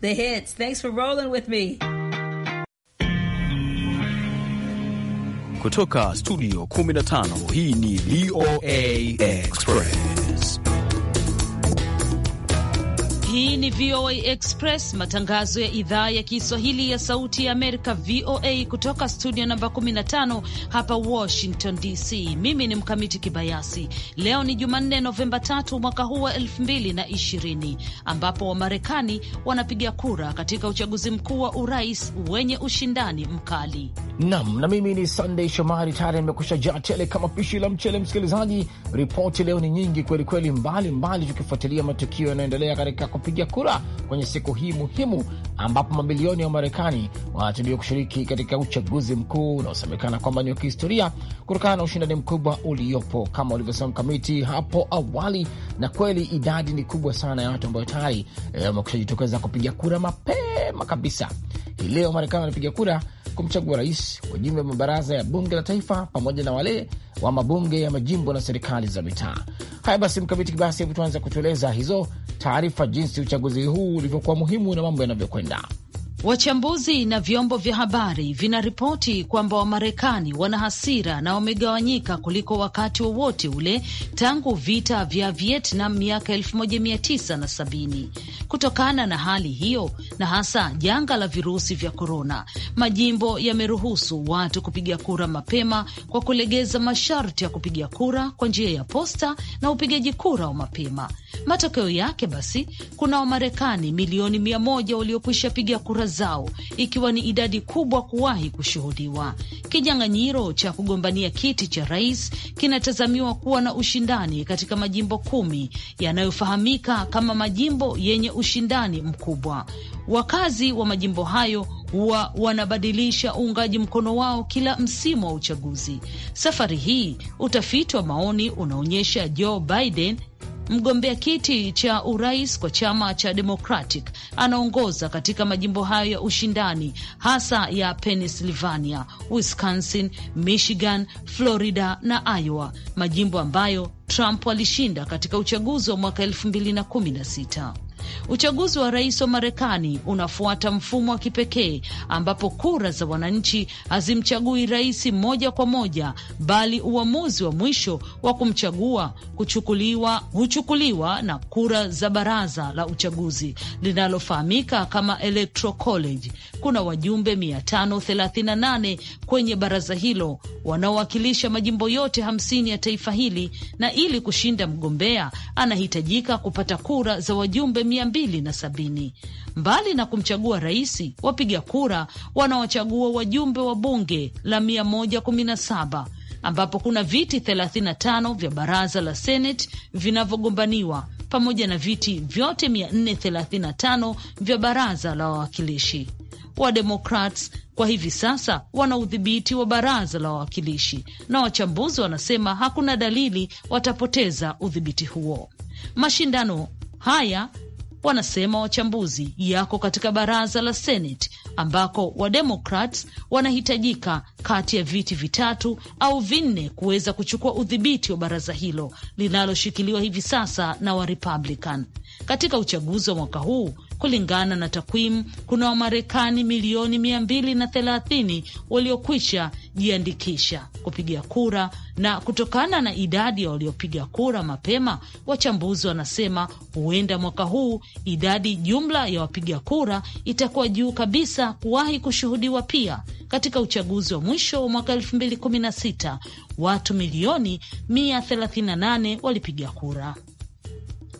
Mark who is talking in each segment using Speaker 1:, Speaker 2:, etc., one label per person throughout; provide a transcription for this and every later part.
Speaker 1: the hits. Thanks for rolling with me.
Speaker 2: Kutoka studio 15 hii ni VOA
Speaker 1: Express. Hii ni VOA Express, matangazo ya idhaa ya Kiswahili ya Sauti ya Amerika, VOA, kutoka studio namba 15 hapa Washington DC. Mimi ni Mkamiti Kibayasi. Leo ni Jumanne, Novemba 3 mwaka huu wa 2020, ambapo Wamarekani wanapiga kura katika uchaguzi mkuu wa urais wenye ushindani mkali.
Speaker 3: Nam
Speaker 2: na mimi ni Sandey Shomari, tayari nimekusha jaa tele kama pishi la mchele. Msikilizaji, ripoti leo ni nyingi kwelikweli, mbalimbali, tukifuatilia matukio yanayoendelea katika kupiga kura kwenye siku hii muhimu, ambapo mabilioni ya Wamarekani wanatarajiwa kushiriki katika uchaguzi mkuu unaosemekana kwamba ni wa kihistoria kutokana na ushindani mkubwa uliopo, kama ulivyosema Mkamiti hapo awali. Na kweli idadi ni kubwa sana ya watu ambayo tayari eh, wamekusha jitokeza kupiga kura mapema kabisa. Hii leo Marekani wanapiga kura kumchagua rais, wajumbe wa mabaraza ya bunge la taifa pamoja na wale wa mabunge ya majimbo na serikali za mitaa. Haya basi, Mkamiti Kibasi, hebu tuanze kutueleza hizo taarifa, jinsi uchaguzi huu ulivyokuwa muhimu
Speaker 1: na mambo yanavyokwenda. Wachambuzi na vyombo vya habari vinaripoti kwamba Wamarekani wana hasira na wamegawanyika kuliko wakati wowote wa ule tangu vita vya Vietnam miaka 1970. Kutokana na hali hiyo na hasa janga la virusi vya korona, majimbo yameruhusu watu kupiga kura mapema kwa kulegeza masharti ya kupiga kura kwa njia ya posta na upigaji kura wa mapema. Matokeo yake basi, kuna Wamarekani milioni mia moja waliokwisha piga kura zao, ikiwa ni idadi kubwa kuwahi kushuhudiwa. Kinyang'anyiro cha kugombania kiti cha rais kinatazamiwa kuwa na ushindani katika majimbo kumi yanayofahamika kama majimbo yenye ushindani mkubwa. Wakazi wa majimbo hayo huwa wanabadilisha uungaji mkono wao kila msimu wa uchaguzi. Safari hii utafiti wa maoni unaonyesha Joe Biden Mgombea kiti cha urais kwa chama cha Democratic anaongoza katika majimbo hayo ya ushindani hasa ya Pennsylvania, Wisconsin, Michigan, Florida na Iowa, majimbo ambayo Trump alishinda katika uchaguzi wa mwaka elfu mbili na kumi na sita. Uchaguzi wa rais wa Marekani unafuata mfumo wa kipekee ambapo kura za wananchi hazimchagui rais moja kwa moja, bali uamuzi wa mwisho wa kumchagua kuchukuliwa huchukuliwa na kura za baraza la uchaguzi linalofahamika kama Electoral College. Kuna wajumbe 538 kwenye baraza hilo wanaowakilisha majimbo yote 50 ya taifa hili, na ili kushinda mgombea anahitajika kupata kura za wajumbe mia mia mbili na sabini. Mbali na kumchagua rais, wapiga kura wanaochagua wajumbe wa bunge la mia moja kumi na saba ambapo kuna viti 35 vya baraza la Seneti vinavyogombaniwa pamoja na viti vyote 435 vya baraza la wawakilishi. Wademokrats kwa hivi sasa wana udhibiti wa baraza la wawakilishi, na wachambuzi wanasema hakuna dalili watapoteza udhibiti huo. Mashindano haya wanasema wachambuzi, yako katika baraza la Seneti ambako wademokrats wanahitajika kati ya viti vitatu au vinne kuweza kuchukua udhibiti wa baraza hilo linaloshikiliwa hivi sasa na Warepublican. Katika uchaguzi wa mwaka huu, kulingana na takwimu, kuna Wamarekani milioni mia mbili na thelathini waliokwisha kujiandikisha kupiga kura, na kutokana na idadi ya waliopiga kura mapema, wachambuzi wanasema huenda mwaka huu idadi jumla ya wapiga kura itakuwa juu kabisa kuwahi kushuhudiwa. Pia katika uchaguzi wa mwisho wa mwaka 2016 watu milioni 138 walipiga kura.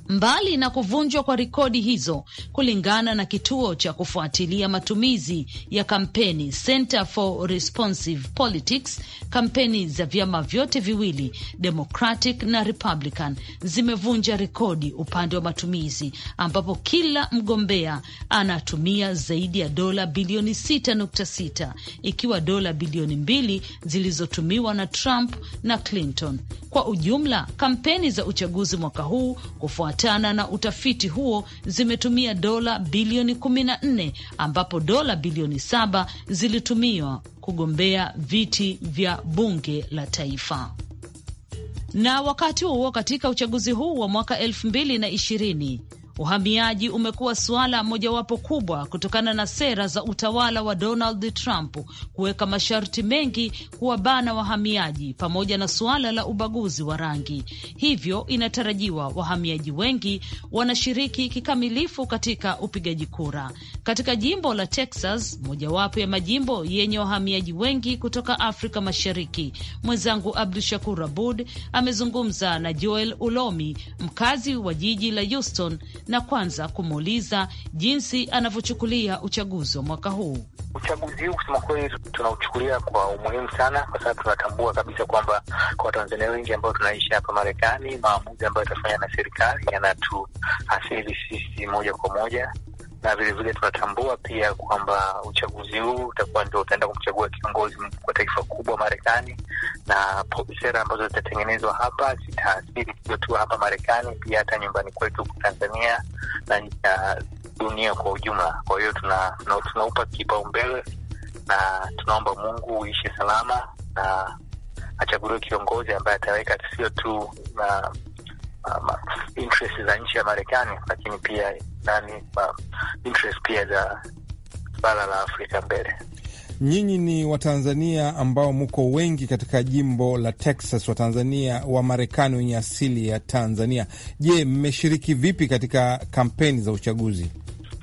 Speaker 1: Mbali na kuvunjwa kwa rekodi hizo, kulingana na kituo cha kufuatilia matumizi ya kampeni Center for Responsive Politics, kampeni za vyama vyote viwili Democratic na Republican zimevunja rekodi upande wa matumizi, ambapo kila mgombea anatumia zaidi ya dola bilioni 6.6 ikiwa dola bilioni mbili zilizotumiwa na Trump na Clinton. Kwa ujumla, kampeni za uchaguzi mwaka huu kufuatilia kufuatana na utafiti huo zimetumia dola bilioni 14 ambapo dola bilioni saba zilitumiwa kugombea viti vya bunge la taifa na wakati huo katika uchaguzi huu wa mwaka elfu mbili na ishirini Uhamiaji umekuwa suala mojawapo kubwa kutokana na sera za utawala wa Donald Trump kuweka masharti mengi kuwabana wahamiaji pamoja na suala la ubaguzi wa rangi. Hivyo inatarajiwa wahamiaji wengi wanashiriki kikamilifu katika upigaji kura. Katika jimbo la Texas, mojawapo ya majimbo yenye wahamiaji wengi kutoka Afrika Mashariki, mwenzangu Abdu Shakur Abud amezungumza na Joel Ulomi, mkazi wa jiji la Houston na kwanza kumuuliza jinsi anavyochukulia uchaguzi wa mwaka huu.
Speaker 3: Uchaguzi huu kusema kweli, tunauchukulia kwa umuhimu sana, kwa sababu tunatambua kabisa kwamba kwa Watanzania wengi ambao tunaishi hapa Marekani, maamuzi ambayo yatafanya na serikali yanatuathiri sisi moja kwa moja na vilevile tunatambua pia kwamba uchaguzi huu utakuwa ndio utaenda kumchagua kiongozi mkuu wa taifa kubwa Marekani, na sera ambazo zitatengenezwa hapa zitaathiri sio tu hapa Marekani, pia hata nyumbani kwetu Tanzania na uh, dunia kwa ujumla. Kwa hiyo tunaupa tuna, tuna kipaumbele na tunaomba Mungu uishi salama na achaguliwe kiongozi ambaye ataweka sio tu na um, interest za nchi ya Marekani, lakini pia nani, um, interest pia za bara la Afrika mbele.
Speaker 2: Nyinyi ni Watanzania ambao mko wengi katika jimbo la Texas, Watanzania wa Marekani wenye asili ya Tanzania. Je, mmeshiriki vipi katika kampeni za uchaguzi?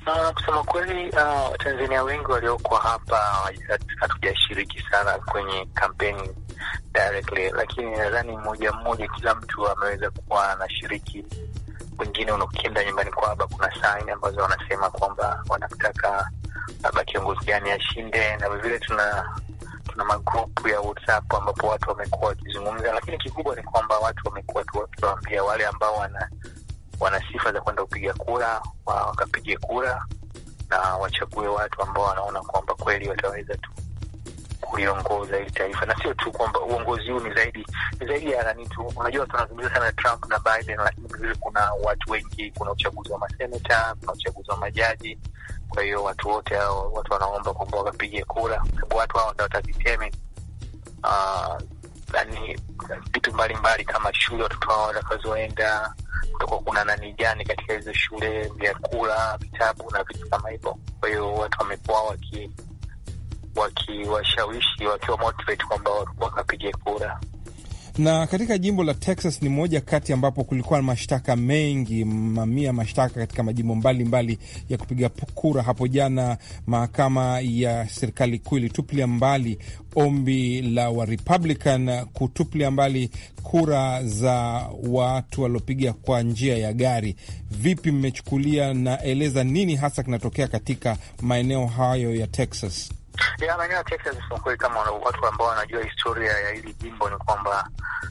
Speaker 3: Uh, kusema kweli uh, Tanzania wengi waliokuwa hapa hatujashiriki sana kwenye kampeni directly, lakini nadhani mmoja mmoja, kila mtu ameweza kuwa anashiriki. Wengine unakienda nyumbani kwa kwaba, kuna sign ambazo wanasema kwamba wanataka labda kiongozi gani ashinde, na vilevile tuna tuna magrupu ya WhatsApp ambapo watu wamekuwa wakizungumza, lakini kikubwa ni kwamba watu wamekuwa tu wakiwaambia wale ambao wana wana sifa za kwenda kupiga kura, wakapige kura na wachague watu ambao wanaona kwamba kweli wataweza tu kuliongoza hili taifa, na sio tu kwamba uongozi huu ni zaidi ni zaidi ya nani tu. Unajua, tunazungumza sana Trump na Biden, lakini vile kuna watu wengi, kuna uchaguzi wa maseneta, kuna uchaguzi wa majaji. Kwa hiyo watu wote hao, watu wanaomba kwamba wakapige kura, sababu watu hao ndio watavitemeni ah, yani vitu mbalimbali kama shule watoto wao watakazoenda, kutakuwa kuna nani gani katika hizo shule, vyakula, vitabu na vitu kama hivyo. Kwa hiyo watu wamekuwa waki wakiwashawishi wakiwa motivate kwamba wakapiga kura.
Speaker 2: Na katika jimbo la Texas ni moja kati ambapo kulikuwa na mashtaka mengi, mamia mashtaka katika majimbo mbalimbali mbali ya kupiga kura. Hapo jana mahakama ya serikali kuu ilitupilia mbali ombi la Warepublican kutupilia mbali kura za watu waliopiga kwa njia ya gari. Vipi mmechukulia, naeleza nini hasa kinatokea katika maeneo hayo ya Texas?
Speaker 3: ya maeneo ya Texas kweli, kama watu ambao wanajua historia ya hili jimbo ni kwamba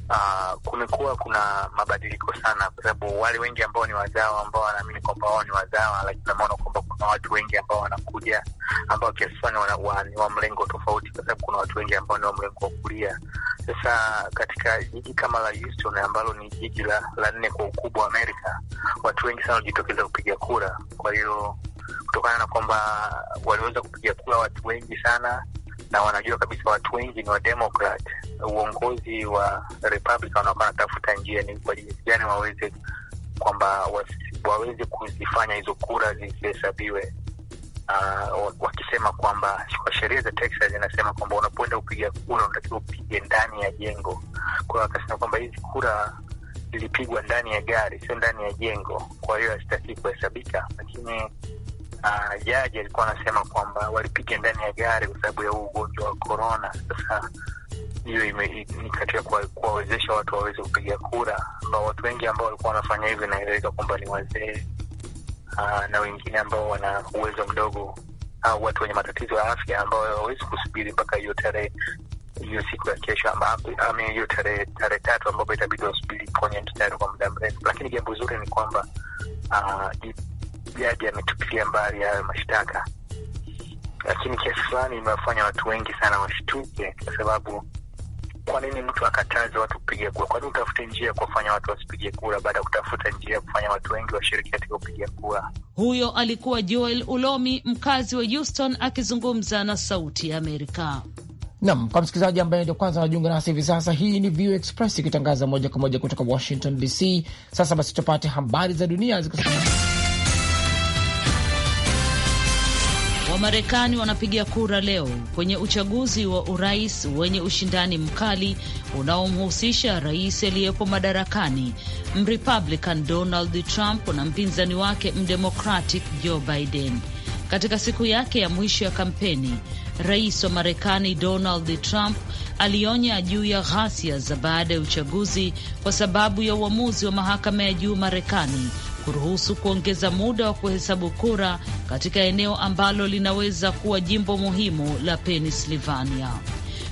Speaker 3: uh, kumekuwa kuna mabadiliko sana, kwa sababu wale wengi ambao ni wazao ambao wanaamini kwamba wao ni wazao, lakini ameona kwamba kuna watu wengi ambao wanakuja ambao kiasi fulani ni wa mlengo tofauti, kwa sababu kuna watu wengi ambao ni wa mlengo wa kulia. Sasa katika jiji kama la Houston ambalo ni jiji la, la nne kwa ukubwa wa Amerika, watu wengi sana wajitokeza kupiga kura, kwa hiyo kutokana na kwamba waliweza kupiga kura watu wengi sana, na wanajua kabisa watu wengi ni Wademokrat. Uongozi wa Republican wanakuwa wanatafuta njia ni kwa jinsi gani waweze kwamba waweze kuzifanya hizo kura zisihesabiwe. Uh, ah, wakisema kwamba kwa sheria za Texas zinasema kwamba unapoenda kupiga kura unatakiwa upige ndani ya jengo. Kwa hiyo wakasema kwamba hizi kura zilipigwa ndani ya gari, sio ndani ya jengo, kwa hiyo hazitakii kuhesabika. Lakini jaji alikuwa anasema kwamba walipiga ndani ya gari kwa sababu ya huu ugonjwa wa korona. Sasa hiyo ni katika kuwawezesha watu waweze kupiga kura, ambao watu wengi ambao walikuwa wanafanya hivyo, inaeleweka kwamba ni wazee ah, na wengine ambao wana uwezo mdogo au watu wenye matatizo ya afya ambao hawawezi kusubiri mpaka hiyo tarehe hiyo siku ya kesho ama hiyo tarehe tarehe tatu ambapo itabidi wasubiri kwenye mstari kwa muda mrefu. Lakini jambo zuri ni kwamba uh, jaji ametupilia mbali hayo mashtaka, lakini kesi fulani imewafanya watu wengi sana washtuke, kwa sababu kwa nini mtu akataze watu kupiga kura? Kwani utafute njia ya kuwafanya watu wasipige kura baada ya kutafuta njia ya kufanya watu wengi washiriki katika kupiga kura?
Speaker 1: Huyo alikuwa Joel Ulomi, mkazi wa Houston, akizungumza na Sauti ya Amerika. Nam, kwa msikilizaji
Speaker 2: ambaye ndio kwanza anajiunga nasi hivi sasa, hii ni VOA Express ikitangaza moja kwa moja kutoka Washington DC. Sasa basi tupate habari za dunia zikisema
Speaker 1: Wamarekani wanapiga kura leo kwenye uchaguzi wa urais wenye ushindani mkali unaomhusisha rais aliyepo madarakani Mrepublican Donald Trump na mpinzani wake Mdemocratic Joe Biden. Katika siku yake ya mwisho ya kampeni, rais wa Marekani Donald Trump alionya juu ya ghasia za baada ya uchaguzi kwa sababu ya uamuzi wa mahakama ya juu Marekani kuruhusu kuongeza muda wa kuhesabu kura katika eneo ambalo linaweza kuwa jimbo muhimu la Pennsylvania.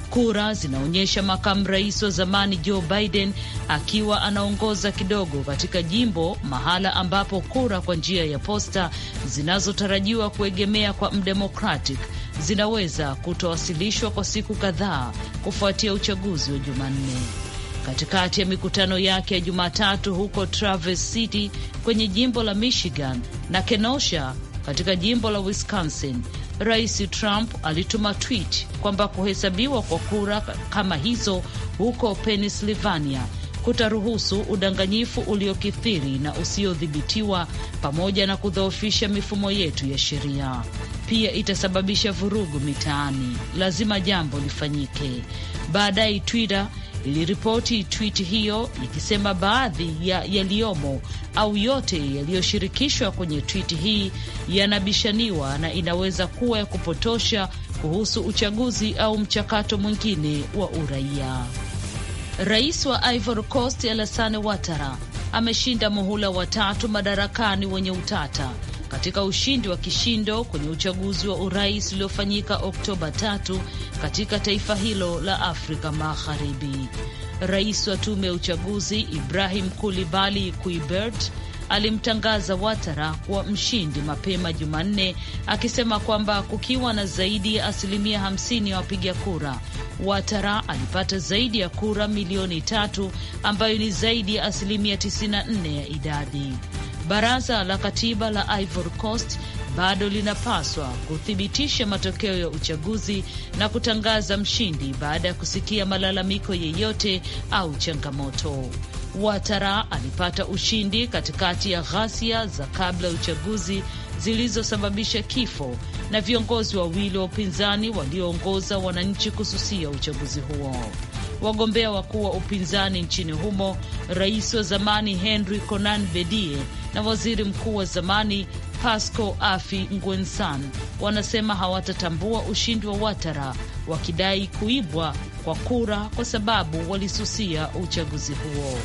Speaker 1: Kura zinaonyesha makamu rais wa zamani Joe Biden akiwa anaongoza kidogo katika jimbo, mahala ambapo kura kwa njia ya posta zinazotarajiwa kuegemea kwa mdemokratic zinaweza kutowasilishwa kwa siku kadhaa kufuatia uchaguzi wa Jumanne katikati ya mikutano yake ya Jumatatu huko Traverse City kwenye jimbo la Michigan na Kenosha katika jimbo la Wisconsin. Rais Trump alituma tweet kwamba kuhesabiwa kwa kura kama hizo huko Pennsylvania kutaruhusu udanganyifu uliokithiri na usiodhibitiwa pamoja na kudhoofisha mifumo yetu ya sheria. Pia itasababisha vurugu mitaani, lazima jambo lifanyike. Baadaye Twitter iliripoti twiti hiyo ikisema baadhi ya yaliyomo au yote yaliyoshirikishwa kwenye twiti hii yanabishaniwa na inaweza kuwa ya kupotosha kuhusu uchaguzi au mchakato mwingine wa uraia. Rais wa Ivory Coast Alassane Ouattara ameshinda muhula watatu madarakani wenye utata katika ushindi wa kishindo kwenye uchaguzi wa urais uliofanyika Oktoba tatu katika taifa hilo la Afrika Magharibi. Rais wa tume ya uchaguzi Ibrahim Kulibali Kuibert alimtangaza Watara kuwa mshindi mapema Jumanne, akisema kwamba kukiwa na zaidi ya asilimia 50 ya wapiga kura, Watara alipata zaidi ya kura milioni tatu ambayo ni zaidi ya asilimia 94 ya idadi. Baraza la Katiba la Ivory Coast bado linapaswa kuthibitisha matokeo ya uchaguzi na kutangaza mshindi baada ya kusikia malalamiko yeyote au changamoto. Watara alipata ushindi katikati ya ghasia za kabla ya uchaguzi zilizosababisha kifo na viongozi wawili wa upinzani walioongoza wananchi kususia uchaguzi huo wagombea wakuu wa upinzani nchini humo, rais wa zamani Henry Konan Bedie na waziri mkuu wa zamani Pasco Afi Ngwensan wanasema hawatatambua ushindi wa Watara, wakidai kuibwa kwa kura kwa sababu walisusia uchaguzi huo.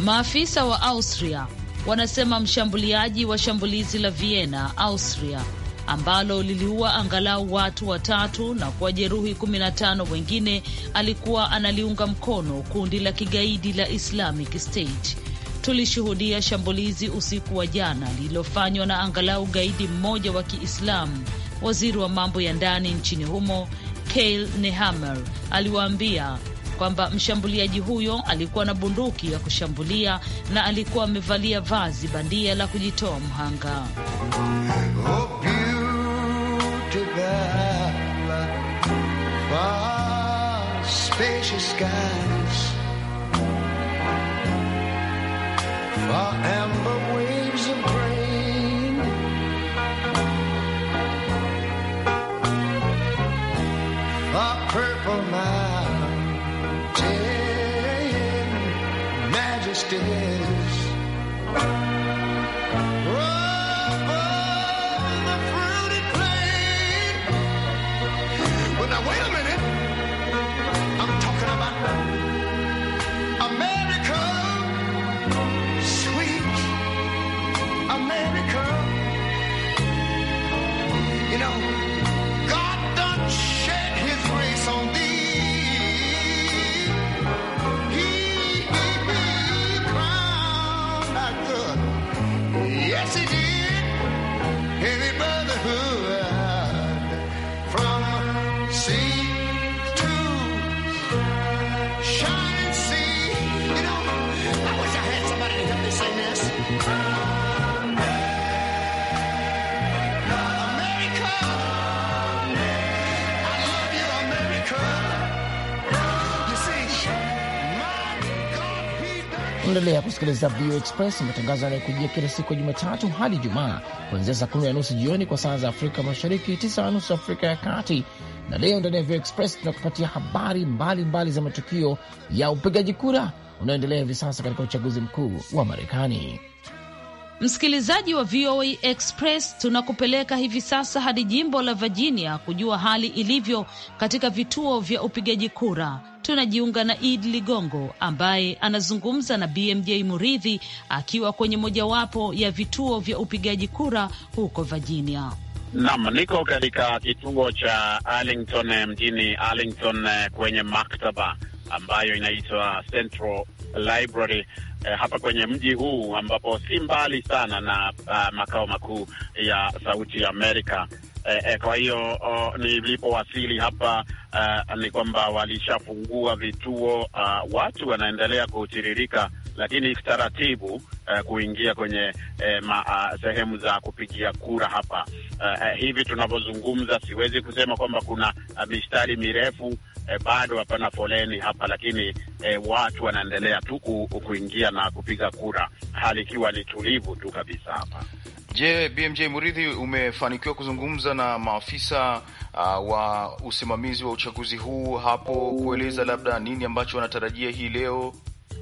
Speaker 1: Maafisa wa Austria wanasema mshambuliaji wa shambulizi la Vienna, Austria ambalo liliua angalau watu watatu na kuwajeruhi 15 wengine, alikuwa analiunga mkono kundi la kigaidi la Islamic State. Tulishuhudia shambulizi usiku wa jana lililofanywa na angalau gaidi mmoja wa Kiislamu. Waziri wa mambo ya ndani nchini humo Kyle Nehammer aliwaambia kwamba mshambuliaji huyo alikuwa na bunduki ya kushambulia na alikuwa amevalia vazi bandia la kujitoa mhanga. Oh.
Speaker 4: umbrella for spacious skies, for amber waves of grain, for purple mountain majesty.
Speaker 2: kusikiliza VOA Express, matangazo yanayokujia kila siku ya Jumatatu hadi Jumaa, kuanzia saa kumi na nusu jioni kwa saa za Afrika Mashariki, tisa na nusu Afrika ya Kati. Na leo ndani ya VOA Express tunakupatia habari mbalimbali mbali za matukio ya upigaji kura unaoendelea hivi sasa katika uchaguzi mkuu wa Marekani.
Speaker 1: Msikilizaji wa VOA Express, tunakupeleka hivi sasa hadi jimbo la Virginia kujua hali ilivyo katika vituo vya upigaji kura. Tunajiunga na Ed Ligongo ambaye anazungumza na BMJ Muridhi akiwa kwenye mojawapo ya vituo vya upigaji kura huko Virginia.
Speaker 5: nam niko katika kitungo cha Arlington eh, mjini Arlington eh, kwenye maktaba ambayo inaitwa Central Library eh, hapa kwenye mji huu ambapo si mbali sana na uh, makao makuu ya Sauti ya Amerika. Eh, eh, kwa hiyo oh, nilipowasili hapa uh, ni kwamba walishafungua vituo uh, watu wanaendelea kutiririka lakini taratibu uh, kuingia kwenye uh, ma, uh, sehemu za kupigia kura hapa uh, uh, hivi tunavyozungumza, siwezi kusema kwamba kuna uh, mistari mirefu eh, bado hapana foleni hapa, lakini eh, watu wanaendelea tu kuingia na kupiga kura, hali ikiwa ni tulivu tu kabisa hapa.
Speaker 2: Je, BMJ Muridhi, umefanikiwa kuzungumza na maafisa uh, wa usimamizi wa uchaguzi huu hapo
Speaker 5: kueleza labda nini ambacho wanatarajia hii leo?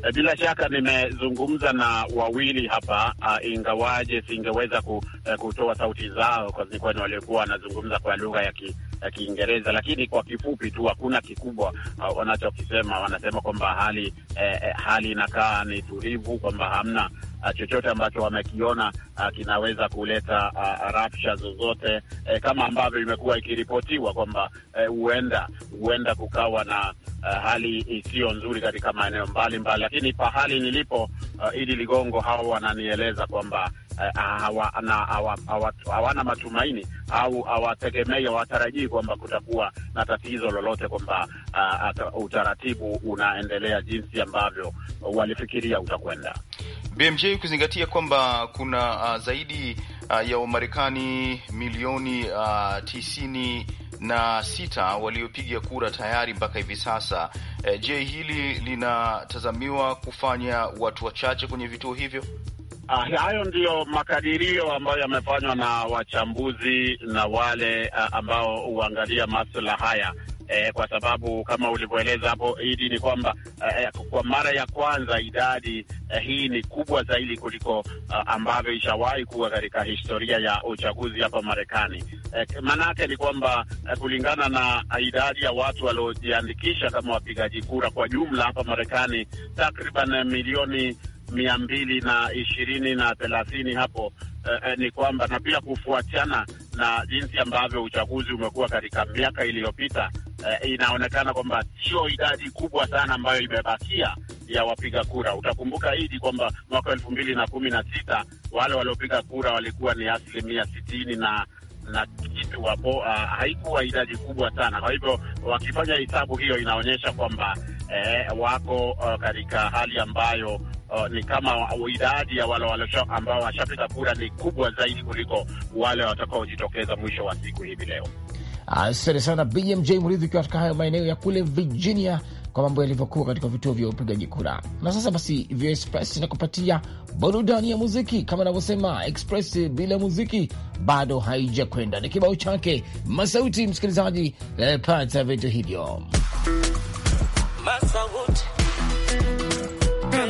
Speaker 5: Eh, bila shaka nimezungumza na wawili hapa uh, ingawaje singeweza ku, uh, kutoa sauti zao kwa kwani waliokuwa wanazungumza kwa lugha ya ki ya eh, Kiingereza, lakini kwa kifupi tu hakuna kikubwa uh, wanachokisema. Wanasema kwamba hali eh, eh, hali inakaa ni tulivu, kwamba hamna uh, chochote ambacho wamekiona uh, kinaweza kuleta uh, rapsha zozote eh, kama ambavyo imekuwa ikiripotiwa kwamba eh, huenda eh, huenda kukawa na uh, hali isiyo nzuri katika maeneo mbalimbali, lakini pahali nilipo uh, Idi Ligongo, hao wananieleza kwamba Eh, hawana matumaini au hawategemei, hawatarajii kwamba kutakuwa na tatizo lolote, kwamba eh, utaratibu unaendelea jinsi ambavyo walifikiria utakwenda.
Speaker 2: BMJ ukizingatia kwamba kuna uh, zaidi uh, ya Wamarekani milioni uh, tisini na sita waliopiga kura tayari mpaka hivi sasa.
Speaker 5: E, je, hili linatazamiwa kufanya watu wachache kwenye vituo hivyo? Ah, hayo ndiyo makadirio ambayo yamefanywa na wachambuzi na wale ah, ambao huangalia masuala haya eh, kwa sababu kama ulivyoeleza hapo Idi ni kwamba eh, eh, kwa mara ya kwanza idadi eh, hii ni kubwa zaidi kuliko ah, ambavyo ishawahi kuwa katika historia ya uchaguzi hapa Marekani. Eh, maanake ni kwamba eh, kulingana na idadi ya watu waliojiandikisha kama wapigaji kura kwa jumla hapa Marekani takriban eh, milioni mia mbili na ishirini na thelathini hapo eh, eh ni kwamba na pia kufuatiana na jinsi ambavyo uchaguzi umekuwa katika miaka iliyopita eh, inaonekana kwamba sio idadi kubwa sana ambayo imebakia ya wapiga kura. Utakumbuka hidi kwamba mwaka elfu mbili na kumi na sita wale waliopiga kura walikuwa ni asilimia sitini na na kitu hapo. Uh, haikuwa idadi kubwa sana. Kwa hivyo wakifanya hesabu hiyo inaonyesha kwamba eh, wako uh, katika hali ambayo uh, ni kama idadi ya wale wale ambao washapiga kura ni kubwa zaidi kuliko wale watakaojitokeza mwisho wa siku hivi leo.
Speaker 2: Asante sana BMJ Mridhi, ukiwa katika hayo maeneo ya kule Virginia kwa mambo yalivyokuwa katika vituo vya upigaji kura. Na sasa basi, Vio Express inakupatia burudani ya muziki. Kama anavyosema Express, bila muziki bado haija kwenda Ni kibao chake Masauti. Msikilizaji, eh, pata vitu hivyo
Speaker 4: Masauti.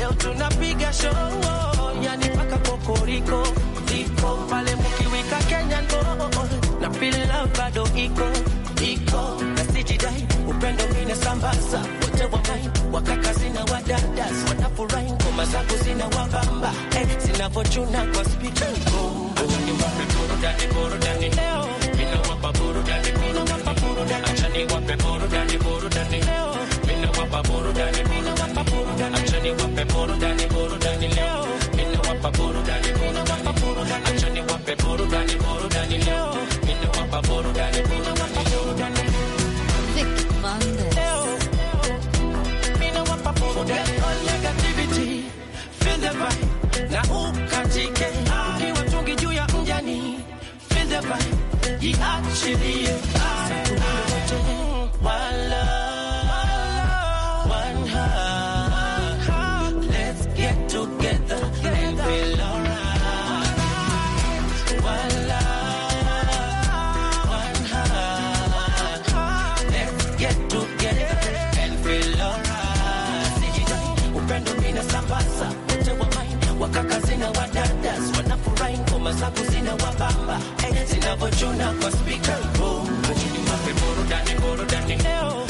Speaker 4: leo tunapiga show, yani paka kokoriko iko pale mkiwika Kenya oh, oh, oh. na pila bado iko iko na dai upendo mine sambasa wote wa mai kaka zina wadada furai ngoma zangu zina bamba eh, zinavochuna kwa spika burudani burudani burudani leo, mimi nawapa burudani burudani, acha niwape burudani wabasa wote wa main wakaka zina wadadas wanafurahi ngoma zangu zina wabamba zinavochuna kwa spika Leo.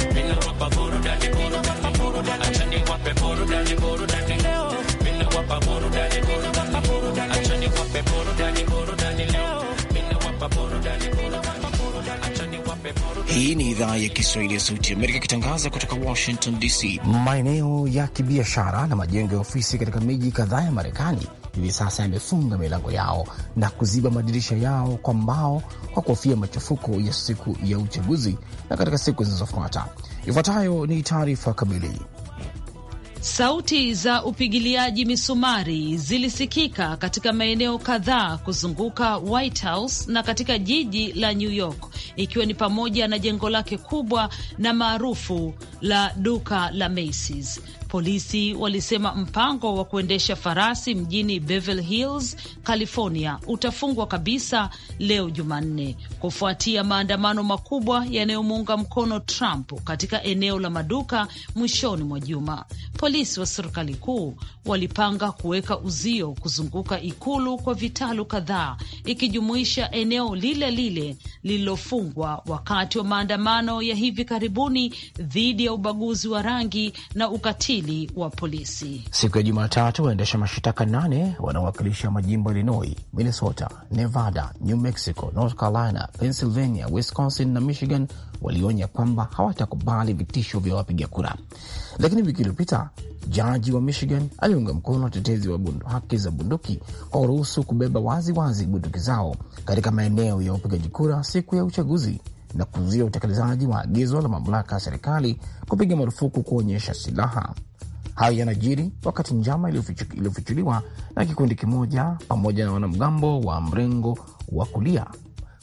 Speaker 2: Hii ni idhaa ya Kiswahili ya Sauti Amerika ikitangaza kutoka Washington DC. Maeneo ya kibiashara na majengo ya ofisi katika miji kadhaa ya Marekani hivi sasa yamefunga milango yao na kuziba madirisha yao kwa mbao kwa kuhofia machafuko ya siku ya uchaguzi na katika siku zinazofuata. Ifuatayo ni taarifa
Speaker 1: kamili. Sauti za upigiliaji misumari zilisikika katika maeneo kadhaa kuzunguka White House na katika jiji la New York, ikiwa ni pamoja na jengo lake kubwa na maarufu la duka la Macy's. Polisi walisema mpango wa kuendesha farasi mjini Beverly Hills, California utafungwa kabisa leo Jumanne kufuatia maandamano makubwa yanayomuunga mkono Trump katika eneo la maduka mwishoni mwa juma polisi wa serikali kuu walipanga kuweka uzio kuzunguka ikulu kwa vitalu kadhaa, ikijumuisha eneo lile lile lililofungwa wakati wa maandamano ya hivi karibuni dhidi ya ubaguzi wa rangi na ukatili wa polisi.
Speaker 2: Siku ya Jumatatu, waendesha mashitaka nane wanaowakilisha majimbo Illinois, Minnesota, Nevada, New Mexico, North Carolina, Pennsylvania, Wisconsin na Michigan walionya kwamba hawatakubali vitisho vya wapiga kura. Lakini wiki iliyopita jaji wa Michigan aliunga mkono watetezi wa haki za bunduki kwa kuruhusu kubeba waziwazi wazi bunduki zao katika maeneo ya upigaji kura siku ya uchaguzi na kuzuia utekelezaji wa agizo la mamlaka ya serikali kupiga marufuku kuonyesha silaha. Hayo yanajiri wakati njama iliyofichuliwa na kikundi kimoja pamoja na wanamgambo wa mrengo wa kulia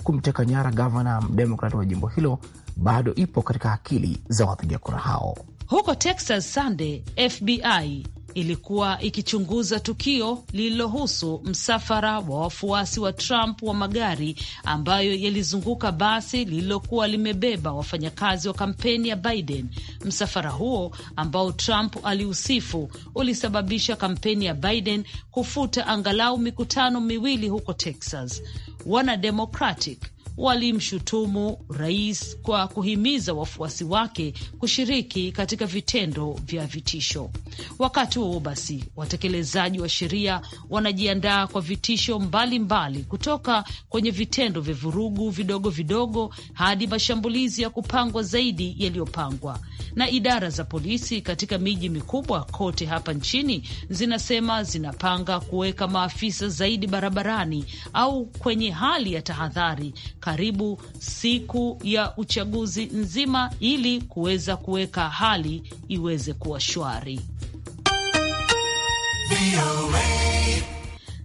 Speaker 2: kumteka nyara gavana mdemokrat wa jimbo hilo bado ipo katika akili za wapiga kura hao.
Speaker 1: Huko Texas Sunday, FBI ilikuwa ikichunguza tukio lililohusu msafara wa wafuasi wa Trump wa magari ambayo yalizunguka basi lililokuwa limebeba wafanyakazi wa kampeni ya Biden. Msafara huo ambao Trump aliusifu ulisababisha kampeni ya Biden kufuta angalau mikutano miwili huko Texas. Wanademocratic walimshutumu rais kwa kuhimiza wafuasi wake kushiriki katika vitendo vya vitisho. Wakati huo basi, watekelezaji wa sheria wanajiandaa kwa vitisho mbalimbali mbali, kutoka kwenye vitendo vya vurugu vidogo vidogo hadi mashambulizi ya kupangwa zaidi yaliyopangwa. Na idara za polisi katika miji mikubwa kote hapa nchini zinasema zinapanga kuweka maafisa zaidi barabarani au kwenye hali ya tahadhari karibu siku ya uchaguzi nzima ili kuweza kuweka hali iweze kuwa shwari.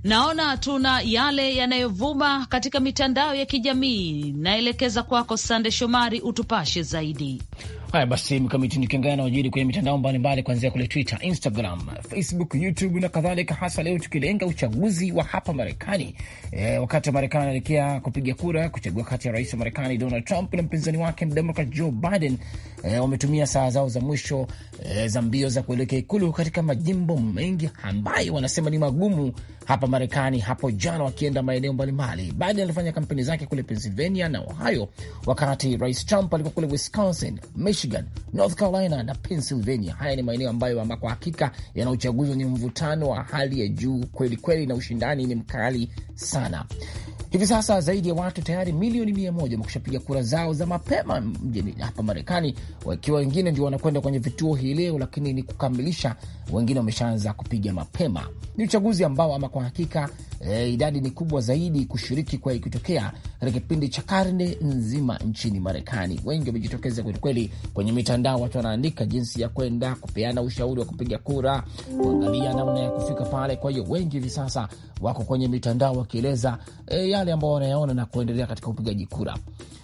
Speaker 1: Naona tuna yale yanayovuma katika mitandao ya kijamii. Naelekeza kwako Sande Shomari, utupashe zaidi.
Speaker 2: Haya basi, mkamiti nikiangana na ujiri kwenye mitandao mbalimbali, kuanzia kule Twitter, Instagram, Facebook, YouTube na kadhalika, hasa leo tukilenga uchaguzi wa hapa Marekani. E, wakati wa Marekani anaelekea kupiga kura kuchagua kati ya rais wa Marekani Donald Trump na mpinzani wake mdemokrat Joe Biden. E, wametumia saa zao za mwisho e, za mbio za kuelekea ikulu katika majimbo mengi ambayo wanasema ni magumu hapa Marekani hapo jana, wakienda maeneo mbalimbali. Biden alifanya kampeni zake kule Pennsylvania na Ohio, wakati Rais Trump alikuwa kule Wisconsin, Michigan, North Carolina na Pennsylvania. Haya ni maeneo ambayo ama kwa hakika yana uchaguzi wenye mvutano wa hali ya juu kweli kweli, na ushindani ni mkali sana. Hivi sasa zaidi ya watu tayari milioni mia moja wamekushapiga kura zao za mapema mjini hapa Marekani, wakiwa wengine ndio wanakwenda kwenye vituo hii hii leo, lakini ni kukamilisha, wengine wameshaanza kupiga mapema. Ni uchaguzi ambao ama kwa hakika e, idadi ni kubwa zaidi kushiriki kwa ikitokea katika kipindi cha karne nzima nchini Marekani. Wengi wamejitokeza kwelikweli kwenye mitandao, watu wanaandika jinsi ya kwenda kupeana ushauri wa kupiga kura, kuangalia namna ya kufika pale. Kwa hiyo wengi hivi sasa wako kwenye mitandao wakieleza e, yale ambao wanayaona na kuendelea katika upigaji kura.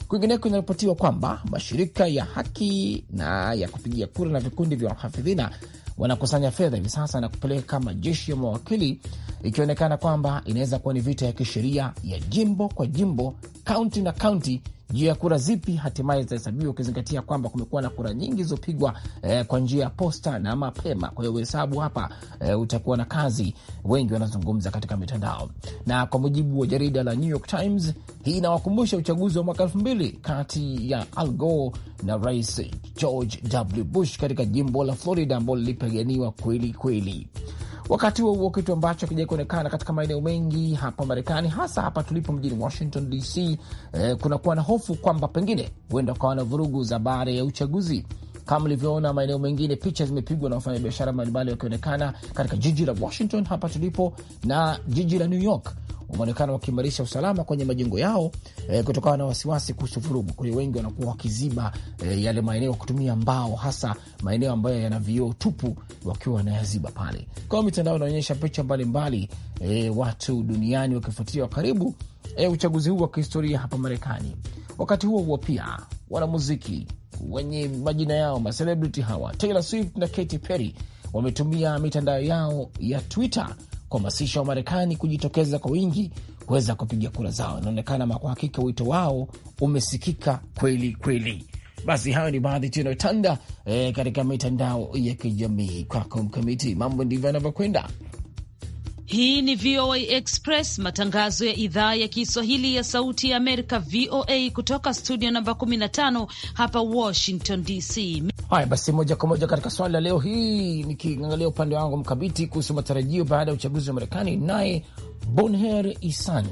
Speaker 2: Kwingineko, inaripotiwa kwamba mashirika ya haki na ya kupigia kura na vikundi vya wahafidhina wanakusanya fedha hivi sasa na kupeleka majeshi ya mawakili, ikionekana kwamba inaweza kuwa ni vita ya kisheria ya jimbo kwa jimbo, kaunti na kaunti juu ya kura zipi hatimaye zitahesabiwa, ukizingatia kwamba kumekuwa na kura nyingi zilizopigwa eh, kwa njia ya posta na mapema. Kwa hiyo uhesabu hapa eh, utakuwa na kazi. Wengi wanazungumza katika mitandao, na kwa mujibu wa jarida la New York Times, hii inawakumbusha uchaguzi wa mwaka elfu mbili kati ya Al Gore na Rais George W. Bush katika jimbo la Florida ambalo lilipiganiwa kweli kweli. Wakati huo huo, kitu ambacho kija kuonekana katika maeneo mengi hapa Marekani, hasa hapa tulipo mjini Washington DC, eh, kunakuwa na hofu kwamba pengine huenda ukawa na vurugu za baada ya uchaguzi. Kama ulivyoona maeneo mengine, picha zimepigwa na wafanyabiashara mbalimbali wakionekana katika jiji la Washington hapa tulipo na jiji la New York wameonekana wakiimarisha usalama kwenye majengo yao eh, kutokana na wasiwasi kuhusu vurugu. Kwa hiyo wengi wanakuwa wakiziba eh, yale maeneo kutumia mbao, hasa maeneo ambayo yana vioo tupu, wakiwa wanayaziba pale. Kwa hiyo mitandao inaonyesha picha mbalimbali mbali, eh, watu duniani wakifuatilia wa karibu e, uchaguzi huu wa kihistoria hapa Marekani. Wakati huo huo, pia wanamuziki wenye majina yao macelebrity hawa Taylor Swift na Katy Perry wametumia mitandao yao ya Twitter kuhamasisha Wamarekani kujitokeza kwa wingi kuweza kupiga kura zao. Inaonekana kwa hakika wito wao umesikika kweli kweli. Basi hayo ni baadhi tu inayotanda e, eh, katika mitandao ya kijamii. Kwako Mkamiti, mambo ndivyo yanavyokwenda.
Speaker 1: Hii ni VOA Express, matangazo ya idhaa ya Kiswahili ya Sauti ya Amerika, VOA, kutoka studio namba 15 hapa Washington DC.
Speaker 2: Haya basi, moja kwa moja katika swali la leo hii, nikiangalia upande wangu mkabiti kuhusu matarajio baada ya uchaguzi wa Marekani, naye Bonher Isan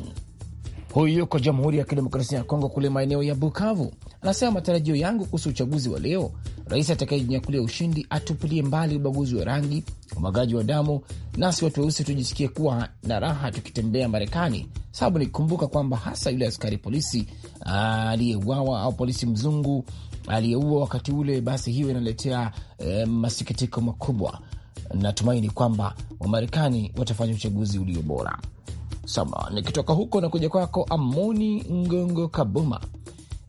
Speaker 2: Huyu yuko Jamhuri ya Kidemokrasia ya Kongo, kule maeneo ya Bukavu, anasema matarajio yangu kuhusu uchaguzi wa leo, rais atakayejinyakulia ushindi atupilie mbali ubaguzi wa rangi, umwagaji wa damu, nasi watu weusi tujisikie kuwa na raha tukitembea Marekani, sababu nikikumbuka kwamba hasa yule askari polisi aliyeuawa au polisi mzungu aliyeua wakati ule, basi hiyo inaletea eh, masikitiko makubwa. Natumaini kwamba Wamarekani watafanya uchaguzi ulio bora. Sama nikitoka huko na kuja kwako Amoni Ngongo Kabuma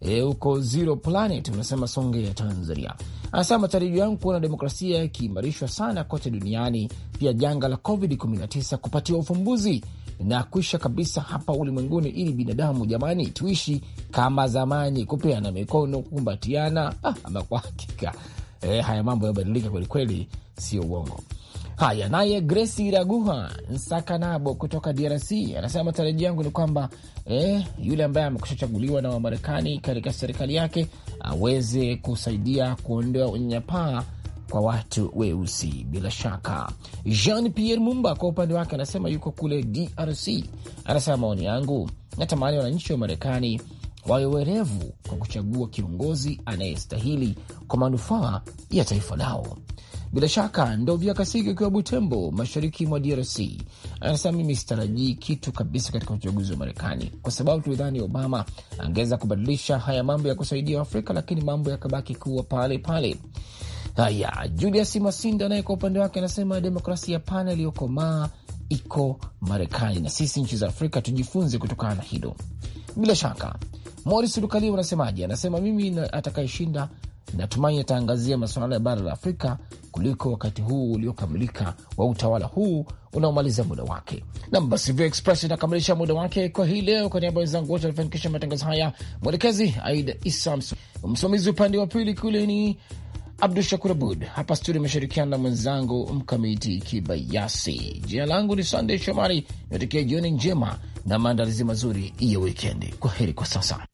Speaker 2: e, huko uko Zero Planet unasema ya Tanzania, anasema matarajio yangu kuona demokrasia yakiimarishwa sana kote duniani, pia janga la COVID-19 kupatiwa ufumbuzi na kuisha kabisa hapa ulimwenguni, ili binadamu jamani, tuishi kama zamani, kupeana mikono, kukumbatiana. Ah, ama kwa hakika e, haya mambo yabadilika kwelikweli, sio uongo. Haya, naye gresi Raguha Nsakanabo kutoka DRC anasema matarajio yangu ni kwamba eh, yule ambaye amekusha chaguliwa na Wamarekani katika serikali yake aweze kusaidia kuondoa unyanyapaa kwa watu weusi. Bila shaka, Jean Pierre Mumba kwa upande wake anasema yuko kule DRC, anasema maoni yangu, natamani wananchi wa Marekani wawe werevu kwa kuchagua kiongozi anayestahili kwa manufaa ya taifa lao. Bila shaka Ndovya Kasiki akiwa Butembo, mashariki mwa DRC, anasema mimi sitarajii kitu kabisa katika uchaguzi wa Marekani kwa sababu tulidhani Obama angeweza kubadilisha haya mambo ya kusaidia Afrika, lakini mambo yakabaki kuwa pale pale. Haya, Julius Masinda naye kwa upande wake anasema demokrasia pana iliyokomaa iko Marekani na sisi nchi za Afrika tujifunze kutokana na hilo. Bila shaka Moris Lukali unasemaje? Anasema mimi atakayeshinda inatumai yataangazia masuala ya bara la Afrika kuliko wakati huu uliokamilika wa utawala huu unaomaliza muda wake. Nam basi, Vio Express inakamilisha muda wake kwa hii leo. Kwa niaba wenzangu wote walifanikisha matangazo haya, mwelekezi Aida Isa, msimamizi upande wa pili kule ni Abdu Shakur Abud. Hapa studio imeshirikiana na mwenzangu Mkamiti Kibayasi. Jina langu ni Sandey Shomari, niwatakia jioni njema na maandalizi mazuri ya wikendi. Kwa heri kwa sasa.